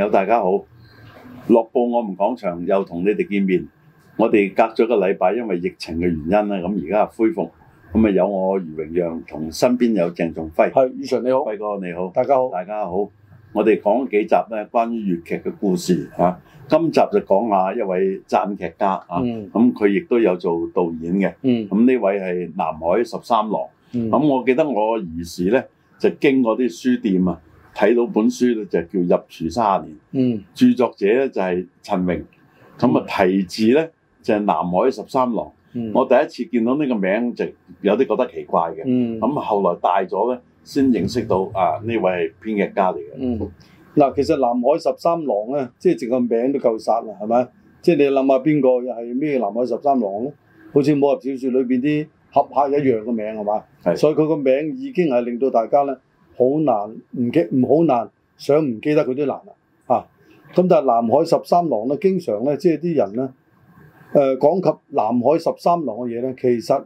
有大家好，樂報我哋講場又同你哋見面。我哋隔咗個禮拜，因為疫情嘅原因咁而家係恢復。咁啊，有我余榮陽同身邊有鄭仲輝，係宇純，你好，輝哥你好，大家好，大家好。我哋講幾集咧，關於粵劇嘅故事啊。今集就講下一位撰劇家、嗯、啊。咁佢亦都有做導演嘅。咁呢、嗯、位係南海十三郎。咁、嗯啊、我記得我兒時咧就經過啲書店啊。睇到本書咧就叫入廚三十年，嗯，著作者咧就係陳榮，咁啊題字咧就係南海十三郎，嗯，我第一次見到呢個名就有啲覺得奇怪嘅，嗯，咁後來大咗咧先認識到啊呢位係編劇家嚟嘅，嗯，嗱，啊嗯、其實南海十三郎咧即係成個名字都夠殺啦，係咪？即係你諗下邊個又係咩南海十三郎咯？好似武俠小説裏邊啲俠客一樣嘅名係嘛？係，是所以佢個名字已經係令到大家咧。好難唔記唔好難想唔記得佢都難啦、啊、嚇，咁、啊、但係南海十三郎咧，經常咧即係啲人咧，誒、呃、講及南海十三郎嘅嘢咧，其實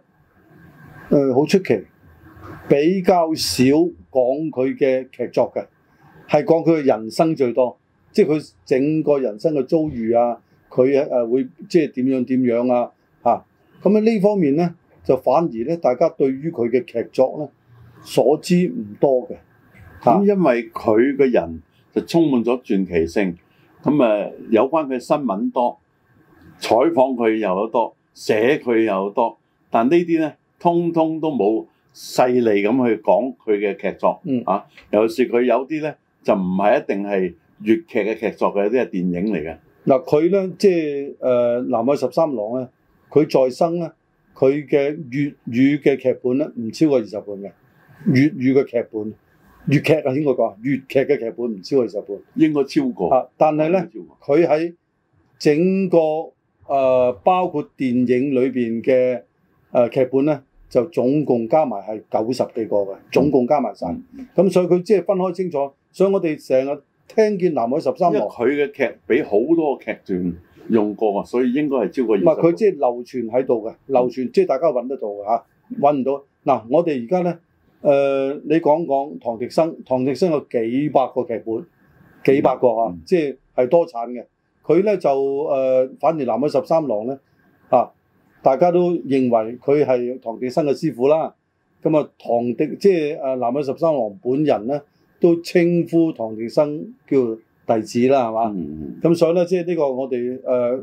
誒好出奇，比較少講佢嘅劇作嘅，係講佢嘅人生最多，即係佢整個人生嘅遭遇啊，佢誒會即係點樣點樣啊嚇，咁喺呢方面咧，就反而咧，大家對於佢嘅劇作咧。所知唔多嘅，咁、啊、因為佢嘅人就充滿咗傳奇性，咁啊有關佢新聞多，採訪佢又多，寫佢又多，但呢啲咧通通都冇細膩咁去講佢嘅劇作，嗯啊，尤其是佢有啲咧就唔係一定係粵劇嘅劇作嘅，有啲係電影嚟嘅。嗱佢咧即係誒《南海十三郎呢》咧，佢再生咧，佢嘅粵語嘅劇本咧唔超過二十本嘅。粵語嘅劇本，粵劇啊，應該講，粵劇嘅劇本唔超過二十本，應該超過啊。但係咧，佢喺整個誒、呃、包括電影裏邊嘅誒劇本咧，就總共加埋係九十幾個嘅，總共加埋晒。咁、嗯、所以佢即係分開清楚。所以我哋成日聽見南海十三郎，因為佢嘅劇俾好多劇段用過啊，所以應該係超過。唔係佢即係流傳喺度嘅，流傳即係、嗯、大家揾得到嘅嚇，揾、啊、唔到嗱、啊。我哋而家咧。誒、呃，你講講唐迪生，唐迪生有幾百個劇本，幾百個、嗯、啊，即係多產嘅。佢咧就、呃、反而南海十三郎咧啊，大家都認為佢係唐迪生嘅師傅啦。咁啊，唐迪即係南海十三郎本人咧，都稱呼唐迪生叫弟子啦，係嘛？咁、嗯啊、所以咧，即係呢個我哋誒、呃、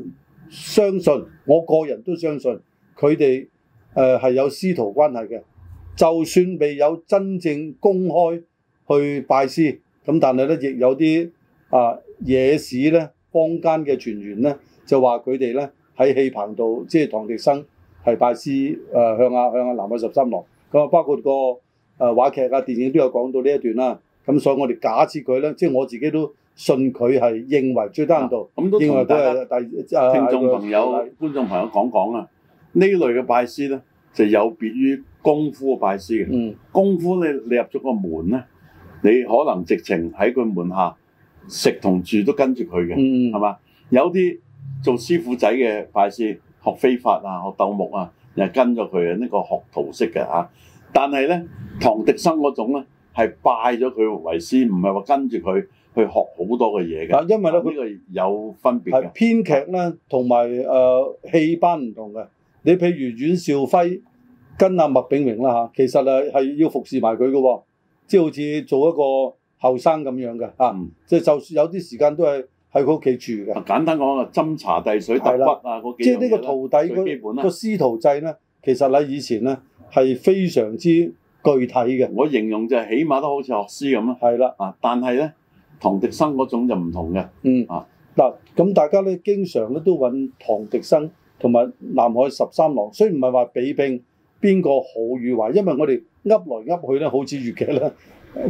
相信，我個人都相信佢哋誒係有師徒關係嘅。就算未有真正公開去拜師，咁但係咧亦有啲啊野史咧，坊間嘅傳言咧就話佢哋咧喺戲棚度，即係唐滌生係拜師誒、呃、向啊向啊南海十三郎。咁啊，包括個誒話劇啊、電影都有講到呢一段啦。咁所以我哋假設佢咧，即、就、係、是、我自己都信佢係認為，最得度咁都同大家但係聽眾朋友、啊、觀眾朋友講講啊，呢類嘅拜師咧，就有別於，功夫拜師嘅，功夫你你入咗個門咧，你可能直情喺佢門下食同住都跟住佢嘅，係嘛、嗯？有啲做師傅仔嘅拜師學飛髮啊，學鬥木啊，又跟咗佢啊，呢、這個學徒式嘅、啊、但係咧，唐滌生嗰種咧係拜咗佢為師，唔係話跟住佢去學好多嘅嘢嘅。因為咧呢個有分別嘅，編劇咧同埋誒戲班唔同嘅。你譬如阮兆輝。跟阿麥炳榮啦，嚇，其實誒係要服侍埋佢嘅，即係好似做一個後生咁樣嘅嚇，即係、嗯、就算有啲時間都係喺佢屋企住嘅。簡單講啊，斟茶遞水、頭骨啊嗰幾樣嘢最基本啦的。即係呢個徒弟，佢個師徒制咧，其實喺以前咧係非常之具體嘅。我形容就係起碼都好似學師咁咯。係啦的，啊，但係咧，唐迪生嗰種就唔同嘅。嗯。啊，嗱，咁大家咧經常咧都揾唐迪生同埋南海十三郎，雖然唔係話比拼。邊個好與壞？因為我哋噏來噏去咧，好似粵劇咧，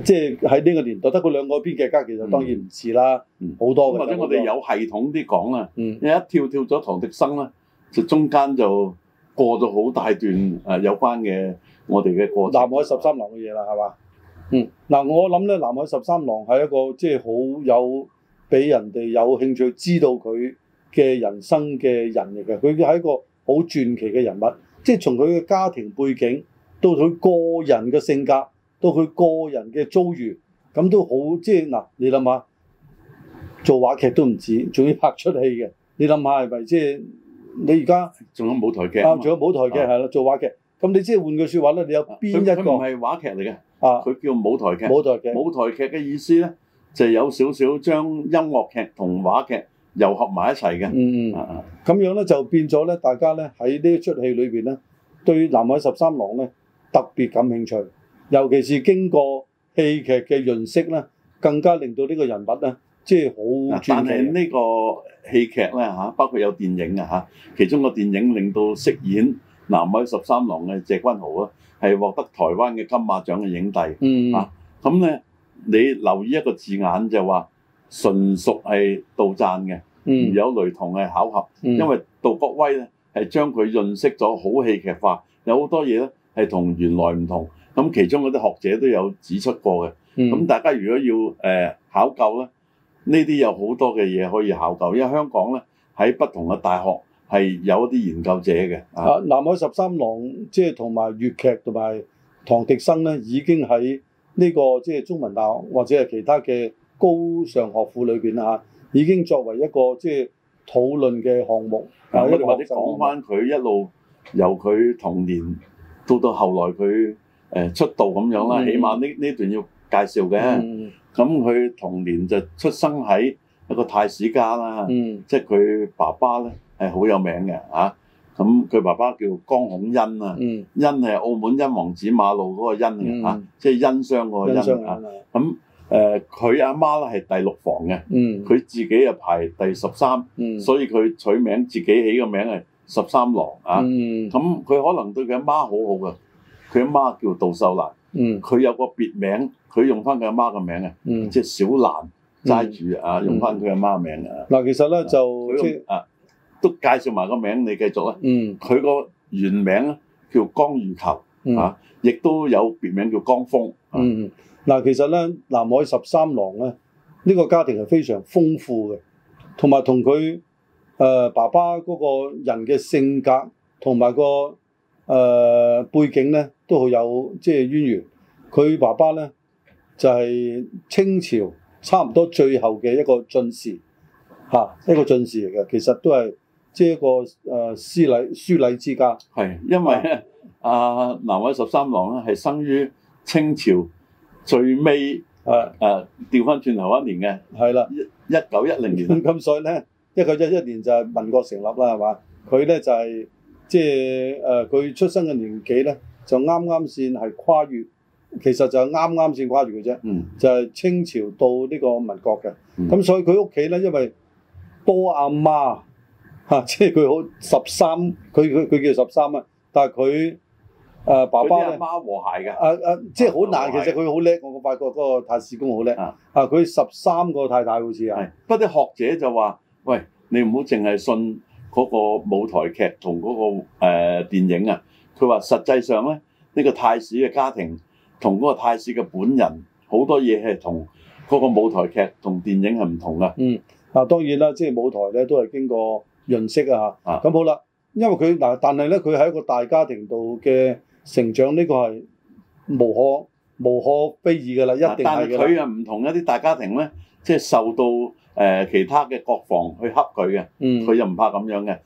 即係喺呢個年代得嗰兩個編劇家，嗯、其實當然唔似啦。好、嗯、多或者我哋有系統啲講啦。嗯、一跳跳咗唐迪生啦，就中間就過咗好大段誒有關嘅我哋嘅過程南、嗯。南海十三郎嘅嘢啦，係嘛？嗯，嗱，我諗咧，南海十三郎係一個即係好有俾人哋有興趣知道佢嘅人生嘅人嚟嘅。佢係一個好傳奇嘅人物。即係從佢嘅家庭背景到佢個人嘅性格，到佢個人嘅遭遇，咁都好。即係嗱，你諗下，做話劇都唔止，仲要拍出戲嘅。你諗下係咪？即係你而家仲有舞台劇啊？仲有舞台劇係啦，做話劇。咁你即係換句説話咧，你有邊一個？佢佢唔係話劇嚟嘅，啊，佢叫舞台劇。啊、舞台劇。舞台劇嘅意思咧，就係有少少將音樂劇同話劇。又合埋一齊嘅，嗯嗯，啊，咁樣咧就變咗咧，大家咧喺呢一出戲裏邊咧，對南海十三郎咧特別感興趣，尤其是經過戲劇嘅潤色啦，更加令到呢個人物咧，即係好傳奇。但係呢個戲劇咧嚇，包括有電影啊嚇，其中個電影令到飾演南海十三郎嘅謝君豪啊，係獲得台灣嘅金馬獎嘅影帝。嗯，嚇咁咧，你留意一個字眼就話，純屬係杜撰嘅，讚嗯、有雷同嘅巧合，嗯、因為杜國威咧係將佢潤色咗，好戲劇化，有好多嘢咧係同原來唔同。咁其中嗰啲學者都有指出過嘅。咁、嗯、大家如果要誒、呃、考究咧，呢啲有好多嘅嘢可以考究，因為香港咧喺不同嘅大學係有一啲研究者嘅。啊，南海十三郎即係同埋粵劇同埋唐滌生咧，已經喺呢、這個即係、就是、中文大學或者係其他嘅。高尚學府裏邊啦，已經作為一個即係討論嘅項目。咁或者講翻佢一路由佢童年到到後來佢誒、呃、出道咁樣啦，嗯、起碼呢呢段要介紹嘅。咁佢、嗯、童年就出生喺一個太史家啦，嗯、即係佢爸爸咧係好有名嘅嚇。咁、啊、佢爸爸叫江孔殷啊，殷係、嗯、澳門殷皇子馬路嗰個殷嘅嚇，即係殷商個殷啊。咁、嗯誒佢阿媽咧係第六房嘅，佢自己啊排第十三，所以佢取名自己起個名係十三郎啊。咁佢可能對佢阿媽好好嘅，佢阿媽叫杜秀蘭，佢有個別名，佢用翻佢阿媽嘅名啊，即係小蘭齋主，啊，用翻佢阿媽名啊。嗱，其實咧就啊，都介紹埋個名，你繼續啦。嗯，佢個原名叫江譽球啊，亦都有別名叫江峰。嗯。嗱，其實咧，南海十三郎咧，呢、這個家庭係非常豐富嘅，同埋同佢誒爸爸嗰個人嘅性格同埋、那個誒、呃、背景咧，都好有即係、就是、淵源。佢爸爸咧就係、是、清朝差唔多最後嘅一個進士，啊，一個進士嚟嘅，其實都係即係一個誒書禮書禮之家。係因為咧，阿是、啊、南海十三郎咧係生於清朝。最尾的啊，啊調翻轉頭一年嘅係啦，的一九一零年。咁所以咧，一九一一年就係民國成立啦，係嘛？佢咧就係、是、即係誒，佢、呃、出生嘅年紀咧，就啱啱先係跨越，其實就係啱啱先跨越嘅啫。嗯，就係清朝到呢個民國嘅。咁、嗯、所以佢屋企咧，因為多阿媽、啊、即係佢好十三，佢佢佢叫十三啊，但係佢。誒、啊、爸爸咧，佢媽和諧嘅。誒誒，即係好難。其實佢好叻，我我發覺嗰個太史公好叻。啊，佢十三個太太好似啊。不啲學者就話：喂，你唔好淨係信嗰個舞台劇同嗰、那個誒、呃、電影啊。佢話實際上咧，呢、這個太史嘅家庭同嗰個太史嘅本人好多嘢係同嗰個舞台劇同電影係唔同嘅。嗯。嗱、啊、當然啦，即、就、係、是、舞台咧都係經過潤色啊。啊。咁好啦，因為佢嗱，但係咧佢喺一個大家庭度嘅。成長呢個係無可無可非議嘅啦，一定係嘅。但係佢啊唔同一啲大家庭咧，即、就、係、是、受到誒、呃、其他嘅國防去恰佢嘅，佢又唔怕咁樣嘅。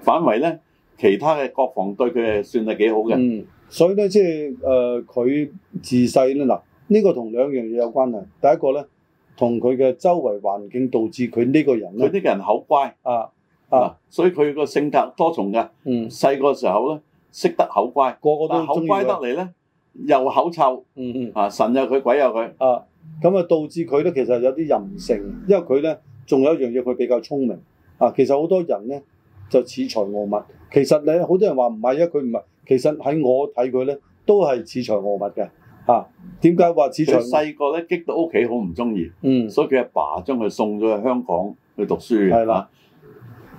反為咧，其他嘅國防對佢係算係幾好嘅。嗯，所以咧即係誒佢自細咧嗱，呢、這個同兩樣嘢有關係。第一個咧，同佢嘅周圍環境導致佢呢個人佢呢個人好乖啊啊，啊，所以佢個性格多重嘅。嗯，細個時候咧。識得口乖，個個都中意。口乖得嚟咧，又口臭。嗯嗯。啊，神有佢，鬼有佢。啊，咁啊，導致佢咧其實有啲任性。因為佢咧，仲有一樣嘢，佢比較聰明。啊，其實好多人咧就恃才傲物。其實咧，好多人話唔係啊，佢唔係。其實喺我睇佢咧，都係恃才傲物嘅。點解話恃才？佢細個咧激到屋企好唔中意。嗯。所以佢阿爸，爸將佢送咗去香港去讀書。係啦。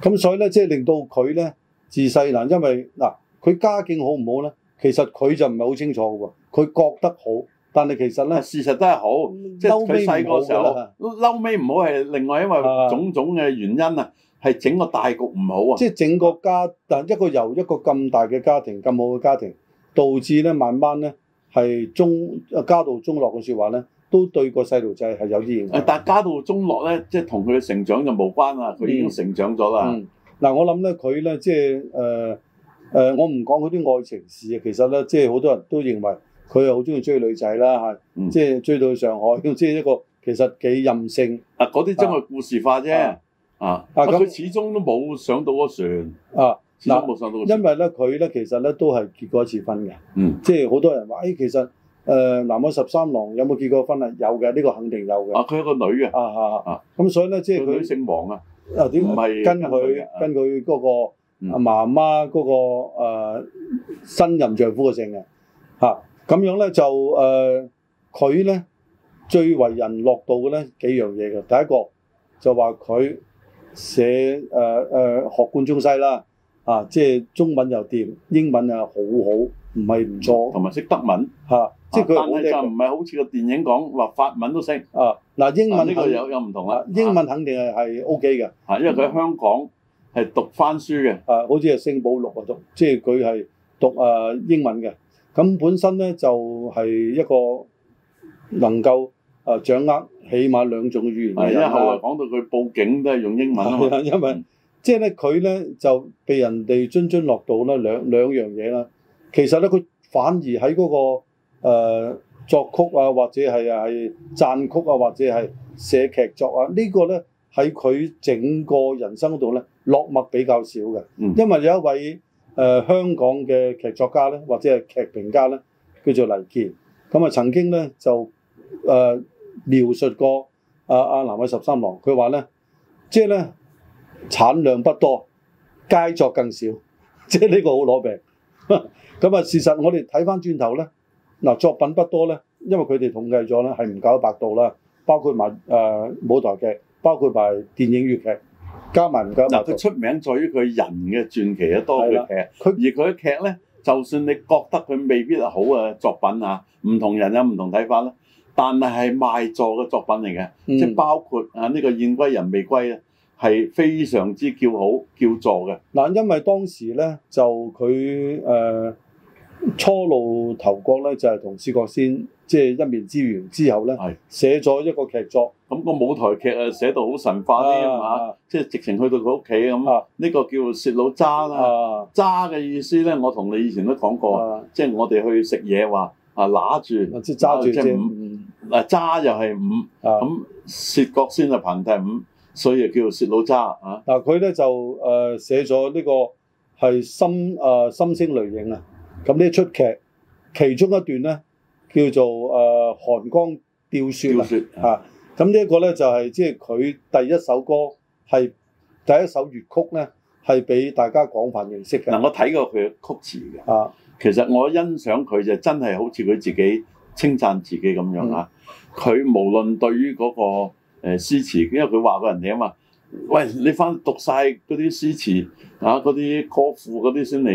咁所以咧，即係令到佢咧自細嗱、呃，因為嗱。呃佢家境好唔好咧？其實佢就唔係好清楚喎。佢覺得好，但係其實咧事實都係好。即係佢細個時候，嬲尾唔好係另外因為種種嘅原因啊，係整個大局唔好啊，即係整個家。但一個由一個咁大嘅家庭、咁好嘅家庭，導致咧慢慢咧係中家道中落嘅說話咧，都對個細路仔係有啲影響。但家道中落咧，即係同佢嘅成長就冇關啦。佢已經成長咗啦。嗱、嗯嗯，我諗咧佢咧即係誒。呃誒我唔講嗰啲愛情事，其實咧，即係好多人都認為佢好中意追女仔啦嚇，即係追到去上海，咁即係一個其實幾任性啊！嗰啲真係故事化啫啊！但係佢始終都冇上到個船啊，冇上到。因為咧，佢咧其實咧都係結過一次婚嘅，即係好多人話：誒其實誒，南海十三郎有冇結過婚啊？有嘅，呢個肯定有嘅。啊，佢係個女嘅啊啊啊！咁所以咧，即係佢姓黃啊？啊點唔係跟佢跟佢嗰個？阿媽媽嗰個、呃、新任丈夫嘅姓嘅嚇，咁、啊、樣咧就誒佢咧最為人樂道嘅咧幾樣嘢嘅。第一個就話佢寫誒誒學貫中西啦，啊，即係中文又掂，英文啊好好，唔係唔錯，同埋識德文嚇。啊啊、即係佢。但係唔係好似個電影講話法文都識啊。嗱英文。呢個有有唔同啦。英文肯定係係 O K 嘅。係、啊、因為佢喺香港。嗯係讀翻書嘅、啊就是就是，啊，好似係聖保羅啊，讀即係佢係讀啊英文嘅。咁本身咧就係、是、一個能夠啊掌握起碼兩種語言嘅人啊。因為後來講到佢報警都係用英文，因為即係咧佢咧就被人哋津津樂道啦，兩兩樣嘢啦。其實咧佢反而喺嗰、那個、呃、作曲啊，或者係係讚曲啊，或者係寫劇作啊，這個、呢個咧。喺佢整個人生嗰度咧，落墨比較少嘅，因為有一位誒、呃、香港嘅劇作家咧，或者係劇評家咧，叫做黎健咁啊。那曾經咧就誒、呃、描述過阿阿、啊啊、南海十三郎，佢話咧即係咧產量不多，佳作更少，即係呢個好攞命。咁啊，那事實我哋睇返轉頭咧嗱，作品不多咧，因為佢哋統計咗咧係唔夠百度啦，包括埋誒、呃、舞台劇。包括埋電影粵劇、劇，加埋唔夠。嗱，佢出名在於佢人嘅傳奇啊，多過劇。佢而佢啲劇咧，就算你覺得佢未必係好嘅作品啊，唔同人有唔同睇法啦。但係賣座嘅作品嚟嘅，嗯、即係包括啊、這、呢個燕歸人未歸啊，係非常之叫好叫座嘅。嗱，因為當時咧就佢誒、呃、初露頭角咧，就係同薛覺先。即係一面之緣之後咧，寫咗一個劇作。咁個舞台劇啊，寫到好神化啲啊，即係直情去到佢屋企咁。呢個叫薛老揸啦，揸嘅意思咧，我同你以前都講過，即係我哋去食嘢話啊揦住，即係揸住啫。嗱，揸又係五，咁薛覺先啊憑第五，所以就叫薛老揸啊。嗱，佢咧就誒寫咗呢個係心，心聲淚影啊。咁呢出劇其中一段咧。叫做誒寒、呃、江釣雪，釣雪啊！咁呢一個咧就係即係佢第一首歌，係第一首粵曲咧，係俾大家廣泛認識嘅。嗱、嗯，我睇過佢嘅曲詞嘅。啊，其實我欣賞佢就真係好似佢自己稱讚自己咁樣佢、嗯、無論對於嗰個誒詩詞，因為佢話過人哋啊嘛，喂，你翻讀晒嗰啲詩詞啊，嗰啲歌賦嗰啲先嚟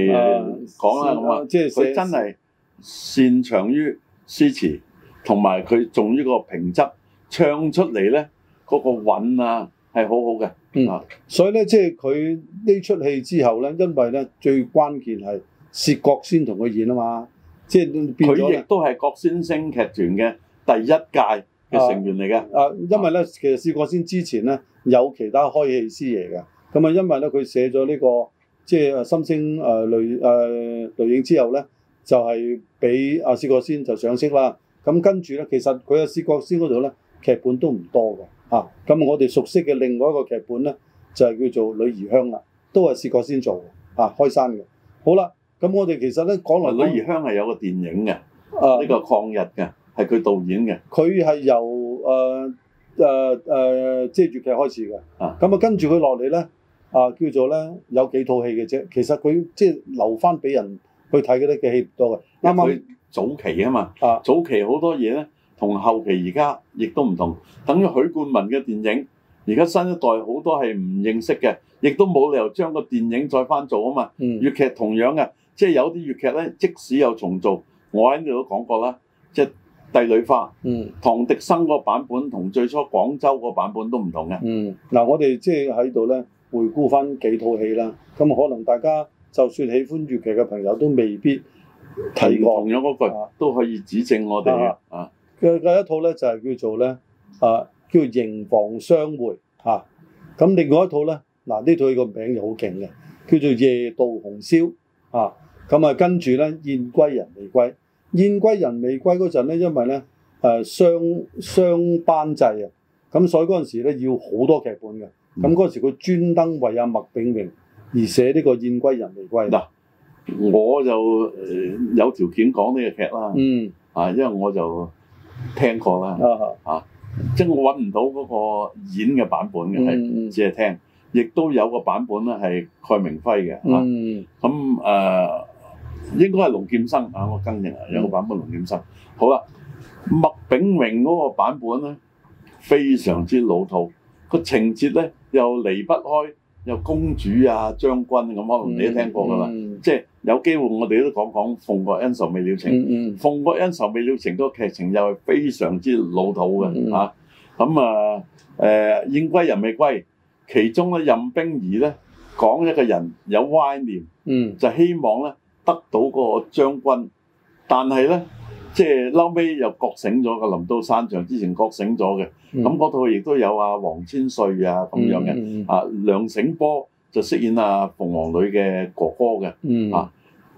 講啦咁啊。呃、啊即係佢真係擅長於。詩詞同埋佢仲呢個平仄，唱出嚟咧嗰個韻啊係好好嘅、嗯、所以咧即係佢呢出戲之後咧，因為咧最關鍵係薛覺先同佢演啊嘛，即係變咗佢亦都係覺先聲劇團嘅第一屆嘅成員嚟嘅、啊。啊，因為咧其實薛覺先之前咧有其他開戲師爺嘅，咁啊因為咧佢寫咗呢、這個即係啊心聲啊淚啊影之後咧。就係俾阿薛覺先就賞識啦，咁跟住咧，其實佢阿薛覺先嗰度咧劇本都唔多㗎嚇。咁、啊、我哋熟悉嘅另外一個劇本咧，就係叫做《女兒香》啦，都係薛覺先做啊開山嘅。好啦，咁我哋其實咧講來，呃《女兒香》係有個電影嘅，呢、嗯、個抗日嘅，係佢導演嘅。佢係由誒誒、呃呃呃、即係粵劇開始嘅、啊，啊，咁啊跟住佢落嚟咧啊叫做咧有幾套戲嘅啫。其實佢即係留翻俾人。去睇嗰啲嘅戲唔多嘅，啱啱早期啊嘛，啊早期好多嘢咧，同後期而家亦都唔同。等於許冠文嘅電影，而家新一代好多係唔認識嘅，亦都冇理由將個電影再翻做啊嘛。嗯，粵劇同樣嘅，即係有啲粵劇咧，即使有重做，我喺呢度都講過啦，即係《帝女花》。嗯，唐滌生個版本同最初廣州個版本都唔同嘅。嗯，嗱我哋即係喺度咧回顧翻幾套戲啦，咁可能大家。就算喜歡粵劇嘅朋友都未必提我，咗嗰句都可以指正我哋啊。佢嘅、啊、一套咧就係、是、叫做咧，啊叫《刑房相會》嚇、啊。咁另外一套咧，嗱、啊、呢套嘅名就好勁嘅，叫做《夜渡紅霄》啊。咁啊跟住咧，《燕歸人未歸》。《燕歸人未歸》嗰陣咧，因為咧誒雙雙班制啊，咁所以嗰陣時咧要好多劇本嘅。咁嗰陣時佢專登為阿麥炳榮。而寫呢、呢個燕歸人未歸嗱、啊，我就有條件講呢個劇啦。嗯，啊，因為我就聽過啦。嗯、啊即係、就是、我揾唔到嗰個演嘅版本嘅，係、嗯、只係聽，亦都有個版本咧係蓋明輝嘅。咁誒應該係龍劍生啊，啊生我更認啊有個版本龍劍生。嗯、好啦，麥炳榮嗰個版本咧非常之老套，個情節咧又離不開，有公主啊、將軍咁，可能你都聽過噶啦。嗯嗯、即係有機會，我哋都講講《鳳閣恩仇未了情》嗯。嗯《鳳閣恩仇未了情》個劇情又係非常之老土嘅嚇。咁、嗯、啊，誒、呃，燕歸人未歸。其中咧，任冰兒咧講一個人有歪念，嗯、就希望咧得到嗰個將軍，但係咧。即係後尾又覺醒咗嘅，林都散場之前覺醒咗嘅，咁嗰套亦都有阿、啊、黃千歲啊咁樣嘅，嗯嗯、啊梁醒波就飾演阿、啊、鳳凰女嘅哥哥嘅，嗯、啊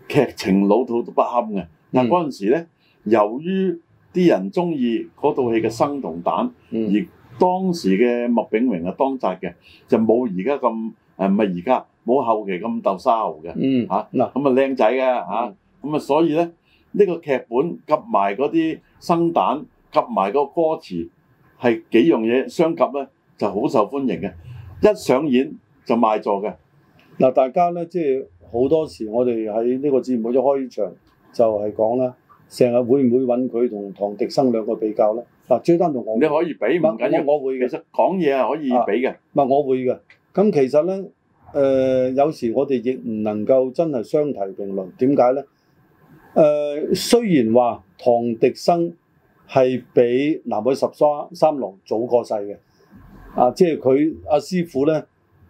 劇情老套都不堪嘅，嗱嗰陣時咧，由於啲人中意嗰套戲嘅生同彈，嗯、而當時嘅麥炳榮啊當紮嘅，就冇而家咁誒唔係而家冇後期咁鬥沙豪嘅，啊、嗯嚇嗱咁啊靚仔嘅嚇，咁啊、嗯、啊所以咧。呢個劇本夾埋嗰啲生旦，夾埋個歌詞，係幾樣嘢相夾咧，就好受歡迎嘅。一上演就賣座嘅。嗱，大家咧即係好多時，我哋喺呢個節目一開場就係講啦，成日會唔會揾佢同唐迪生兩個比較咧？嗱，張丹同我，你可以比唔緊要，我會嘅。其實講嘢係可以比嘅。唔係、啊、我會嘅。咁其實咧、呃，有時我哋亦唔能夠真係相提並論。點解咧？誒、呃、雖然話唐迪生係比南海十三三郎早過世嘅，啊，即係佢阿師傅咧，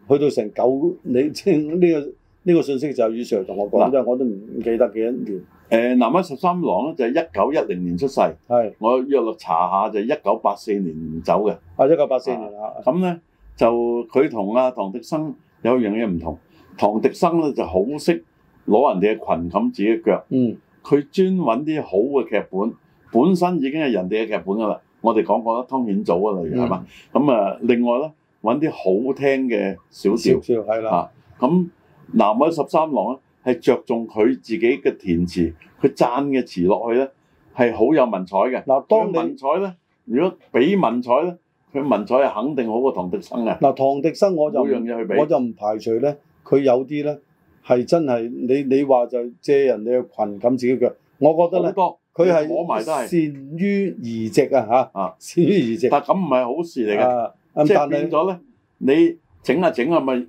去到成九，你即呢、這個呢、這個信息就係與 Sir 同我講，即係喏我都唔記得幾多年。誒、呃，南海十三郎咧就係一九一零年出世，係是我約略查一下就一九八四年走嘅，啊，一九八四年啊，咁咧、啊、就佢同阿唐迪生有一樣嘢唔同，唐迪生咧就好識攞人哋嘅裙冚自己嘅腳，嗯。佢專揾啲好嘅劇本，本身已經係人哋嘅劇本㗎啦。我哋講講得湯顯祖㗎啦，係嘛、嗯？咁啊，另外咧揾啲好聽嘅小調，小調係啦。咁、啊、南海十三郎咧係着重佢自己嘅填詞，佢贊嘅詞落去咧係好有文采嘅。嗱你，當文采咧，如果比文采咧，佢文采係肯定好過唐迪生嘅。嗱，唐迪生我就唔，我就唔排除咧，佢有啲咧。係真係，你你話就借人哋嘅裙揼自己的腳，我覺得咧，佢係善於移植啊嚇，啊善於移植。但咁唔係好事嚟㗎，啊嗯、即係變咗咧，你整下整下咪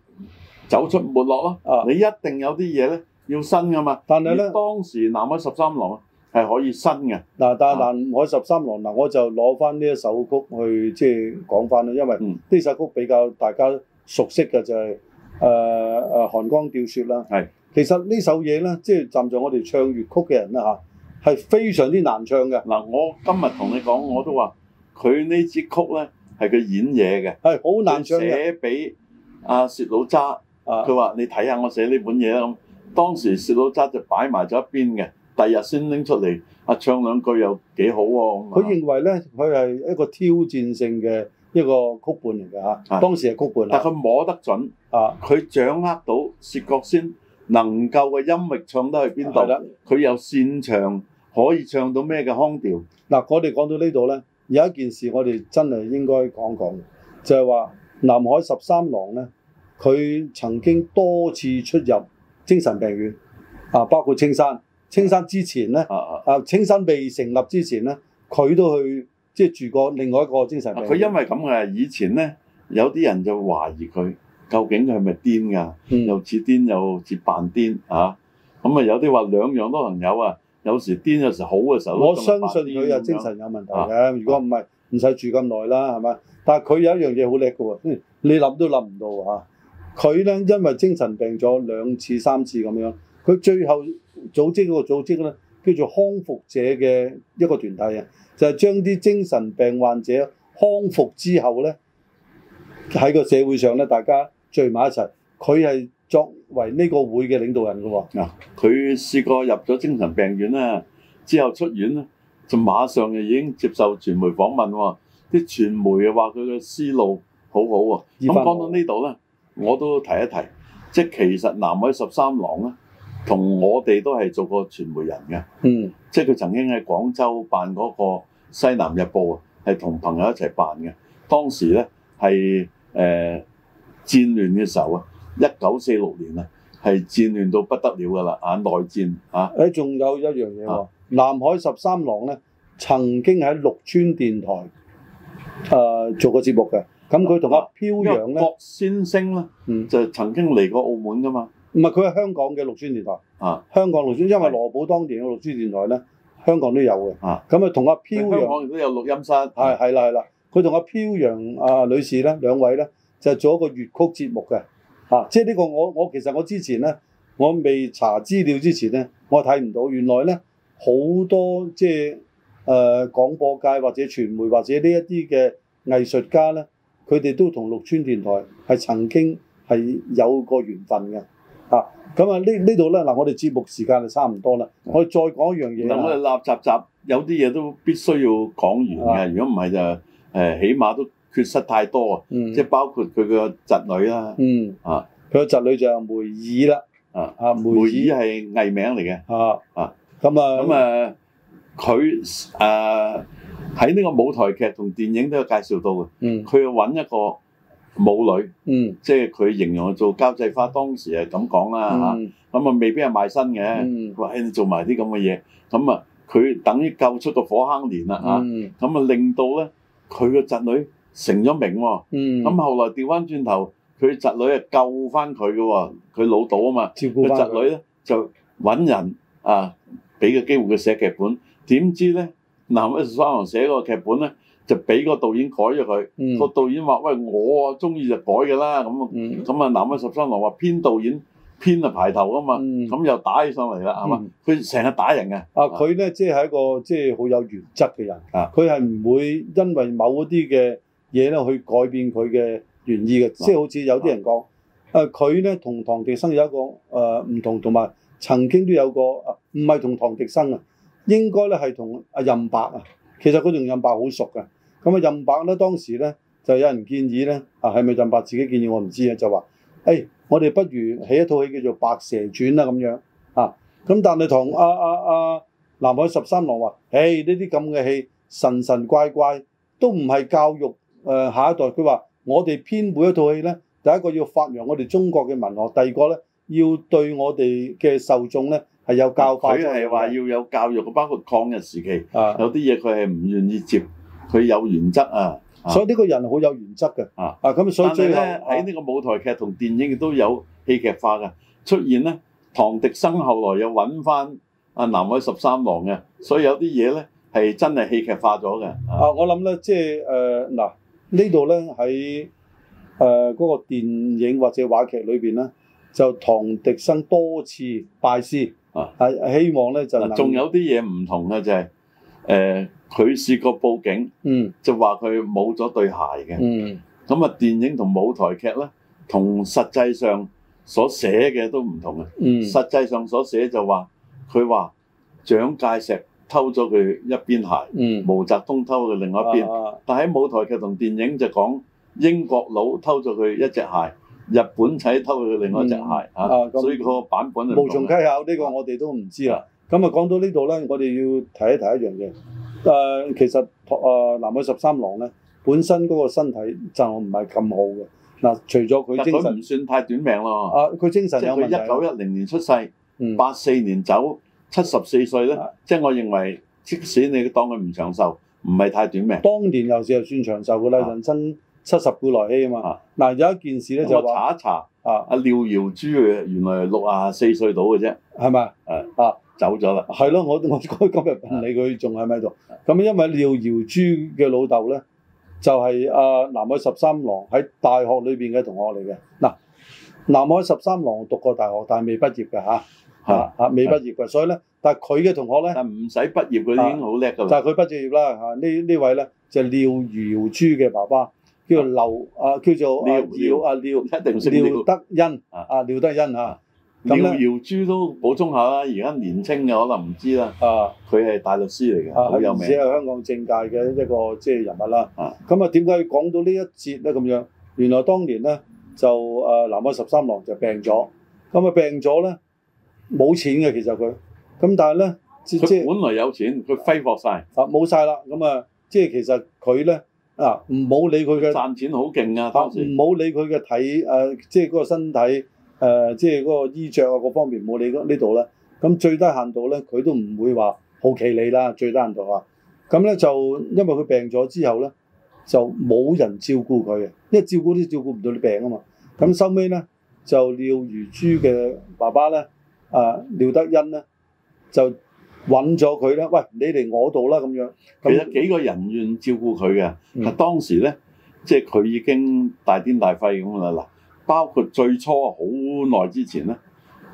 走出沒落咯。啊、你一定有啲嘢咧要新噶嘛。但係咧，當時南海十三郎係可以新嘅。嗱、啊，但係南海十三郎嗱，我就攞翻呢一首曲去即係講翻啦，因為呢首曲比較大家熟悉嘅就係、係。誒誒，寒江釣雪啦，呃、是其實呢首嘢咧，即係站在我哋唱粵曲嘅人啦嚇，係非常之難唱嘅。嗱、啊，我今日同你講，我都話佢呢支曲咧係佢演嘢嘅，係好難唱。寫俾阿薛老渣，佢話：啊、你睇下我寫呢本嘢啦。咁當時薛老渣就擺埋咗一邊嘅，第日先拎出嚟、啊，唱兩句又幾好喎、啊。佢認為咧，佢係一個挑戰性嘅。一個曲伴嚟嘅，嚇的，當時係曲伴啦，但佢摸得準，佢的掌握到薛覺先能夠嘅音域唱得去邊度，呢的？佢又擅長可以唱到咩嘅腔調。嗱，那我哋講到這裏呢度咧，有一件事我哋真係應該講講就係、是、話南海十三郎咧，佢曾經多次出入精神病院，啊，包括青山，青山之前咧，的啊青山未成立之前咧，佢都去。即係住過另外一個精神病。佢、啊、因為咁嘅，以前咧有啲人就懷疑佢究竟佢係咪癲㗎？又似癲又似扮癲啊！咁啊有啲話兩樣都能有啊。有時癲有時好嘅時候。我相信佢有精神有問題嘅，如果唔係唔使住咁耐啦，係嘛？但係佢有一樣嘢好叻嘅喎，你諗都諗唔到啊！佢咧因為精神病咗兩次三次咁樣，佢最後組織一個組織咧，叫做康復者嘅一個團體啊。就係將啲精神病患者康復之後咧，喺個社會上咧，大家聚埋一齊，佢係作為呢個會嘅領導人噶喎。嗱，佢試過入咗精神病院啦，之後出院咧，就馬上就已經接受傳媒訪問喎。啲傳媒又話佢嘅思路好好喎。咁講到呢度咧，我都提一提，即係其實南海十三郎咧，同我哋都係做過傳媒人嘅。嗯，即係佢曾經喺廣州辦嗰個西南日報啊，係同朋友一齊辦嘅。當時咧係誒戰亂嘅時候啊，一九四六年啊，係戰亂到不得了噶啦眼內戰啊。誒，仲有一樣嘢喎，啊、南海十三郎咧曾經喺綠村電台誒、呃、做過節目嘅。咁佢同阿飄揚、啊、郭先生咧，嗯、就曾經嚟過澳門㗎嘛。唔係，佢係香港嘅綠村電台啊，香港綠村，因為羅保當年嘅綠村電台咧。香港都有嘅，咁啊同阿飄揚，香港都有錄音室，係係啦係啦，佢同阿飄揚啊女士咧兩位咧就做一個粵曲節目嘅，啊，即係呢個我我其實我之前咧，我未查資料之前咧我睇唔到。原來咧好多即係誒廣播界或者傳媒或者呢一啲嘅藝術家咧，佢哋都同陸川電台係曾經係有過緣分嘅。啊，咁啊呢呢度咧嗱，我哋節目時間就差唔多啦。我再講一樣嘢。我哋垃雜集有啲嘢都必須要講完嘅，如果唔係就誒，起碼都缺失太多啊。即係包括佢個侄女啦。嗯。啊，佢個侄女就梅爾啦。啊啊，梅爾係藝名嚟嘅。啊啊，咁啊。咁啊，佢誒喺呢個舞台劇同電影都有介紹到嘅。嗯。佢要揾一個母女，即係佢形容做交際花，當時係咁講啦嚇，咁啊未必係賣身嘅，話誒做埋啲咁嘅嘢，咁啊佢等於救出個火坑年啦嚇，咁啊令到咧佢個侄女成咗名喎，咁後來調翻轉頭，佢侄女啊救翻佢嘅喎，佢老到啊嘛，佢侄女咧就揾人啊俾個機會佢寫劇本，點知咧南海十三郎寫個劇本咧？就俾個導演改咗佢，個、嗯、導演話，喂，我中意就改嘅啦，咁啊，咁啊、嗯，南海十三郎話編導演編就排頭噶嘛，咁又、嗯、打起上嚟啦，係嘛、嗯？佢成日打人嘅。啊，佢咧即係一個即係好有原則嘅人，佢係唔會因為某一啲嘅嘢咧去改變佢嘅原意嘅，即係、啊、好似有啲人講，誒佢咧同唐迪生有一個誒唔、呃、同，同埋曾經都有個唔係同唐迪生啊，應該咧係同阿任伯啊，其實佢同任伯好熟嘅。咁啊，任白咧，當時咧，就有人建議咧，啊係咪任白自己建議，我唔知啊，就話誒、哎，我哋不如起一套戲叫做《白蛇傳》啦咁樣啊，咁但係同阿阿阿南海十三郎話誒，呢啲咁嘅戲神神怪怪，都唔係教育誒、呃、下一代。佢話我哋編每一套戲咧，第一個要發揚我哋中國嘅文學，第二個咧要對我哋嘅受眾咧係有教化。佢係話要有教育，包括抗日時期、啊、有啲嘢佢係唔願意接。佢有原則啊，所以呢個人好有原則嘅啊，啊咁所以最後喺呢、啊、個舞台劇同電影亦都有戲劇化嘅出現咧。唐迪生後來又揾翻阿南海十三郎嘅，所以有啲嘢咧係真係戲劇化咗嘅啊，啊。我諗咧，即係誒嗱呢度咧喺誒嗰個電影或者話劇裏邊咧，就唐迪生多次拜師啊，係、啊、希望咧就仲、啊、有啲嘢唔同嘅就係、是、誒。呃佢試過報警，就話佢冇咗對鞋嘅。咁啊、嗯，電影同舞台劇咧，同實際上所寫嘅都唔同啊。嗯、實際上所寫就話佢話蔣介石偷咗佢一邊鞋，嗯、毛澤東偷佢另外一邊。啊、但喺舞台劇同電影就講英國佬偷咗佢一隻鞋，日本仔偷佢另外一隻鞋啊。所以個版本就無從稽考。呢、呢個我哋都唔知啦。咁啊，講到呢度咧，我哋要睇一睇一樣嘢。誒，其實誒，南海十三郎咧，本身嗰個身體就唔係咁好嘅。嗱，除咗佢精神唔算太短命喎。啊，佢精神有問題。即係佢一九一零年出世，八四年走，七十四歲咧。即係我認為，即使你當佢唔長壽，唔係太短命。當年又是又算長壽嘅啦，人生七十古來稀啊嘛。嗱，有一件事咧就查一查啊，阿廖耀珠原來六十四歲到嘅啫，係咪？係啊。走咗啦，係咯，我我今日問你佢仲喺咪度？咁因為廖瑤珠嘅老豆咧，就係、是、啊南海十三郎喺大學裏邊嘅同學嚟嘅。嗱、啊，南海十三郎讀過大學，但係未畢業嘅嚇嚇嚇，未畢業嘅。所以咧，但係佢嘅同學咧，唔使畢業佢已經好叻㗎。就係佢畢咗業啦嚇，啊、這位呢呢位咧就係、是、廖瑤珠嘅爸爸，叫劉的啊，叫做廖啊廖廖，廖，一定廖德恩啊廖德恩啊。苗姚珠都補充下啦，而家年青嘅可能唔知啦。啊，佢係大律師嚟嘅，好、啊、有名。只係香港政界嘅一個即係人物啦。咁啊點解講講到呢一節咧？咁樣，原來當年咧就誒、啊、南海十三郎就病咗。咁啊病咗咧冇錢嘅其實佢，咁但係咧，即即本來有錢，佢揮霍晒、啊，啊，冇晒啦。咁啊，啊，即係其實佢咧啊，唔好理佢嘅賺錢好勁啊。唔好理佢嘅體即係嗰個身體。誒、呃，即係嗰個衣着啊，各方面冇理呢度啦。咁最低限度咧，佢都唔會話好奇你啦。最低限度啊，咁咧就因為佢病咗之後咧，就冇人照顧佢嘅，因為照顧都照顧唔到你病啊嘛。咁收尾咧，就廖如珠嘅爸爸咧，誒、啊、廖德恩咧，就揾咗佢呢，喂，你嚟我度啦咁樣。樣其實幾個人願照顧佢嘅，嗱、嗯、當時咧，即係佢已經大癲大肺咁啦嗱。包括最初好耐之前咧，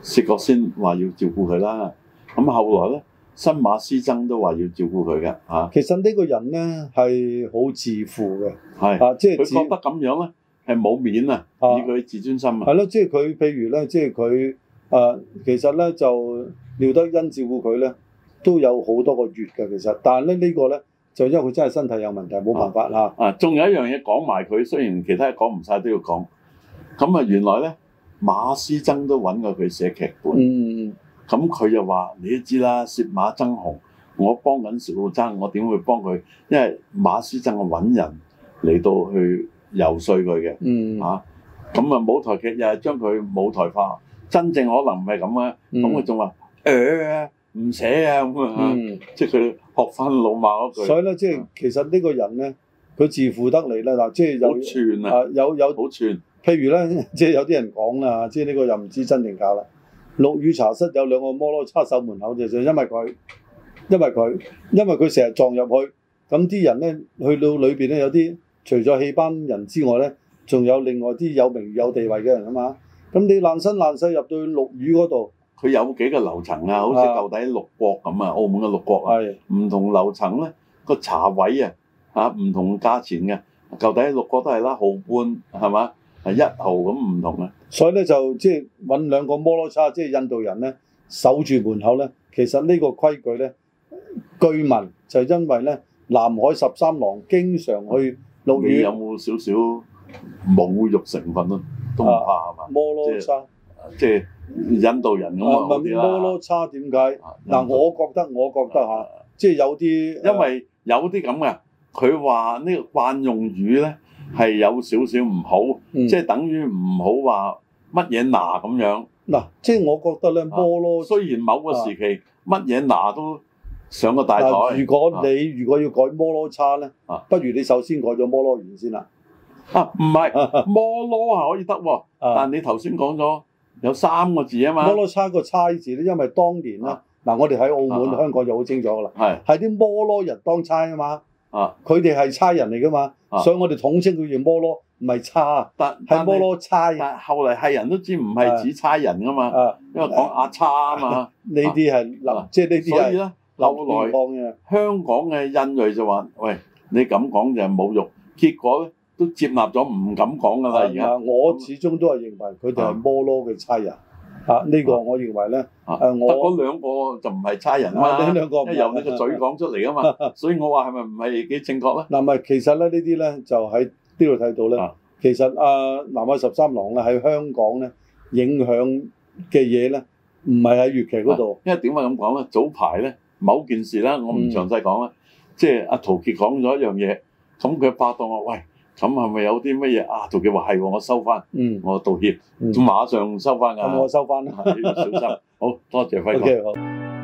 薛覺先話要照顧佢啦。咁後來咧，新馬師曾都話要照顧佢嘅嚇。其實呢個人咧係好自負嘅，係啊，即係佢覺得咁樣咧係冇面啊，以佢自尊心啊。係咯，即係佢譬如咧，即係佢啊，其實咧就廖德恩照顧佢咧都有好多個月嘅，其實。但係咧呢個咧就因為佢真係身體有問題，冇辦法啦。啊，仲有一樣嘢講埋佢，雖然其他講唔晒，都要講。咁啊，原來咧馬師曾都揾過佢寫劇本。嗯，咁佢又話：你都知啦，薛馬爭雄，我幫緊薛老揸，我點會幫佢？因為馬師曾係揾人嚟到去游説佢嘅。嗯，嚇。咁啊，舞台劇又係將佢舞台化，真正可能唔係咁啊。咁佢仲話：誒，唔寫啊。咁啊，即係佢學翻老馬句。所以咧、啊，即係其實呢個人咧，佢自負得嚟啦。嗱，即係有串啊，有有。好串。譬如咧，即係有啲人講啊，即係呢個又唔知真定假啦。陸羽茶室有兩個摩羅叉手門口，就就因為佢，因為佢，因為佢成日撞入去，咁啲人咧去到裏邊咧，有啲除咗戲班人之外咧，仲有另外啲有名有地位嘅人啊嘛。咁你爛身爛世入到陸羽嗰度，佢有幾個樓層啊？好似舊底六國咁啊，澳門嘅六國啊，唔、啊、同樓層咧個茶位啊嚇唔、啊、同價錢嘅。舊底六國都係啦，毫半係嘛？係一號咁唔同咧，所以咧就即係揾兩個摩羅叉，即、就、係、是、印度人咧守住門口咧。其實呢個規矩咧，據聞就因為咧南海十三郎經常去露語，你有冇少少侮辱成分咯？都唔怕係嘛、啊，摩羅叉，即係、就是就是、印度人，咁啊我摩羅叉點解？嗱、啊啊，我覺得我覺得即係、啊啊、有啲，因為有啲咁嘅，佢話呢個慣用語咧。係有少少唔好，即係等於唔好話乜嘢拿咁樣。嗱，即係我覺得咧，摩羅雖然某個時期乜嘢拿都上個大台。如果你如果要改摩羅差咧，不如你首先改咗摩羅員先啦。啊，唔係摩羅係可以得喎，但你頭先講咗有三個字啊嘛。摩羅差個差字咧，因為當年咧，嗱我哋喺澳門、香港就好清楚噶啦，係啲摩羅人當差啊嘛。啊，佢哋係差人嚟噶嘛。啊、所以我哋統稱佢叫摩羅，唔係差，但係摩羅差人。但後嚟係人都知唔係指差人噶嘛，啊、因為講阿差啊嘛，呢啲係即係呢啲係流內香港嘅。香港嘅印裔就話：，喂，你咁講就係侮辱。結果咧都接納咗，唔敢講噶啦。而家、啊、我始終都係認為佢哋係摩羅嘅差人。啊！呢、這個我認為咧，誒、啊啊、我嗰兩個就唔係差人啦，呢兩個一由你個嘴講出嚟啊嘛，啊啊所以我話係咪唔係幾正確咧？嗱、啊，咪其實咧呢啲咧就喺呢度睇到咧，啊、其實啊，南海十三郎咧喺香港咧影響嘅嘢咧，唔係喺粵劇嗰度，因為點解咁講咧？早排咧某件事呢，我唔詳細講啦，嗯、即係阿陶傑講咗一樣嘢，咁佢拍檔我喂！」咁係咪有啲乜嘢啊？杜記話係喎，我收翻，嗯、我道歉，嗯、咁馬上收翻啊！我收翻啦，係，小心， 好多謝輝哥。Okay,